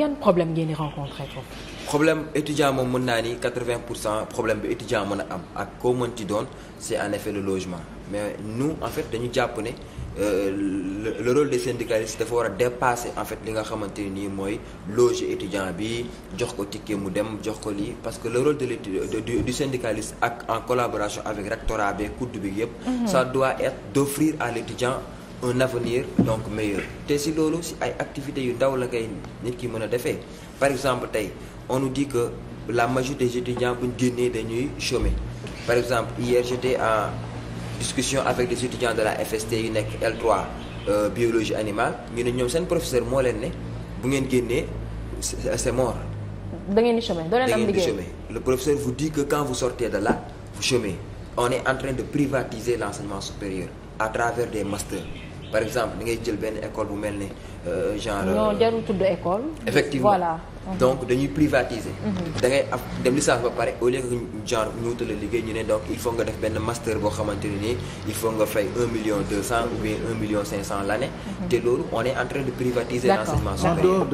yan problème ngeen di rencontré foofu. problème étudiant moom mën naa ni pour cent problème bi étudiant mën a am ak koo mën ci doon c'est en effet le logement mais nous en fait dañu jàpp ne euh, le rôle des syndicalistes dafa war a dépasser en fait li nga xamante nii mooy loger étudiant bi jox ko ticket mu dem jox ko lii parce que le rôle de l'étudiant du syndicaliste ak en collaboration avec rectorat bi COUD bi yëpp mhm. ça doit être d'offrir à l'étudiant un avenir donc meilleur te si loolu si ay activités yu ndaw la ngay nit ki mën a defee par exemple tey on nous dit que la majorité des étudiants bu ñu génnee dañuy chômer par exemple hier j'étais en discussion avec des étudiants de la FST yu nekk L3 euh, biologie animale ñu ne ñoom seen professeur moo leen ne bu ngeen génnee c'est mort. da ngeen di chômer doo leen am liggéey da ngeen di chômer le professeur vous dit quand vous sortez de là vous chômez on est en train de privatiser l'enseignement supérieur à des masters. par exemple di ngay jël benn école bu mel ne euh, genre. non euh, jarul tudd école. effectivement voilà. Mm-hmm. donc dañuy privatiser. Mm-hmm. da ngay ab dem licence ba pare au lieu que genre ñu wutal la liggéey ñu ne donc il faut nga def benn master boo xamante il faut nga fay 1 million 200 ou bien 1 million 500 l' année. te loolu on est en de privatiser. l' enseignement supérieur